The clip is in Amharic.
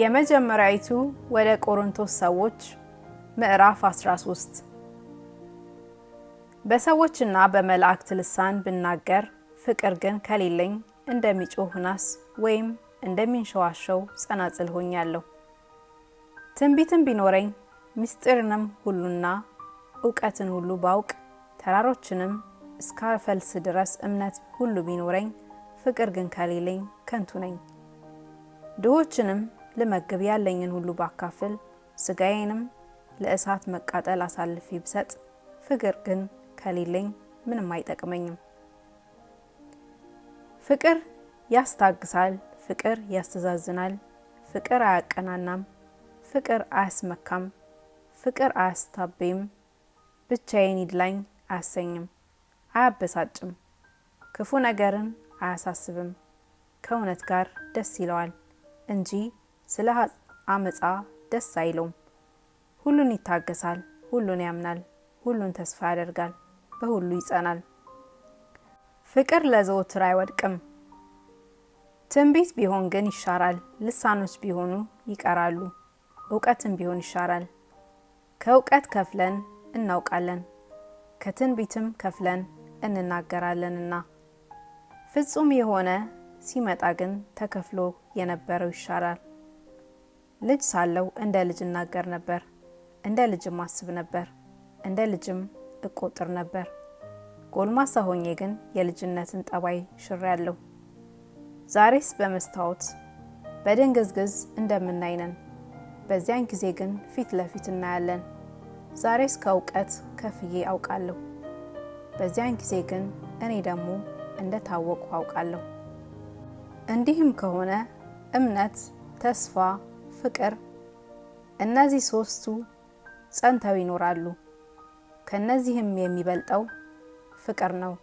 የመጀመሪያይቱ ወደ ቆሮንቶስ ሰዎች ምዕራፍ 13 በሰዎችና በመላእክት ልሳን ብናገር ፍቅር ግን ከሌለኝ እንደሚጮህ ናስ ወይም እንደሚንሸዋሸው ጸናጽል ሆኛለሁ። ትንቢትም ቢኖረኝ ምስጢርንም ሁሉና እውቀትን ሁሉ ባውቅ ተራሮችንም እስካፈልስ ድረስ እምነት ሁሉ ቢኖረኝ ፍቅር ግን ከሌለኝ ከንቱ ነኝ። ድሆችንም ልመግብ ያለኝን ሁሉ ባካፍል ስጋዬንም ለእሳት መቃጠል አሳልፌ ብሰጥ ፍቅር ግን ከሌለኝ ምንም አይጠቅመኝም። ፍቅር ያስታግሳል፣ ፍቅር ያስተዛዝናል፣ ፍቅር አያቀናናም፣ ፍቅር አያስመካም፣ ፍቅር አያስታበይም፣ ብቻዬን ይድላኝ አያሰኝም፣ አያበሳጭም፣ ክፉ ነገርን አያሳስብም፣ ከእውነት ጋር ደስ ይለዋል እንጂ ስለ አመፃ ደስ አይለውም። ሁሉን ይታገሳል፣ ሁሉን ያምናል፣ ሁሉን ተስፋ ያደርጋል፣ በሁሉ ይጸናል። ፍቅር ለዘወትር አይወድቅም። ትንቢት ቢሆን ግን ይሻራል፣ ልሳኖች ቢሆኑ ይቀራሉ፣ እውቀትም ቢሆን ይሻራል። ከእውቀት ከፍለን እናውቃለን፣ ከትንቢትም ከፍለን እንናገራለንና ፍጹም የሆነ ሲመጣ ግን ተከፍሎ የነበረው ይሻራል። ልጅ ሳለው እንደ ልጅ እናገር ነበር፣ እንደ ልጅም አስብ ነበር፣ እንደ ልጅም እቆጥር ነበር። ጎልማሳ ሆኜ ግን የልጅነትን ጠባይ ሽሬያለሁ። ዛሬስ በመስታወት በደንገዝገዝ እንደምናይነን፣ በዚያን ጊዜ ግን ፊት ለፊት እናያለን። ዛሬስ ከእውቀት ከፍዬ አውቃለሁ፣ በዚያን ጊዜ ግን እኔ ደግሞ እንደ ታወቁ አውቃለሁ። እንዲህም ከሆነ እምነት፣ ተስፋ ፍቅር እነዚህ ሶስቱ ጸንተው ይኖራሉ። ከነዚህም የሚበልጠው ፍቅር ነው።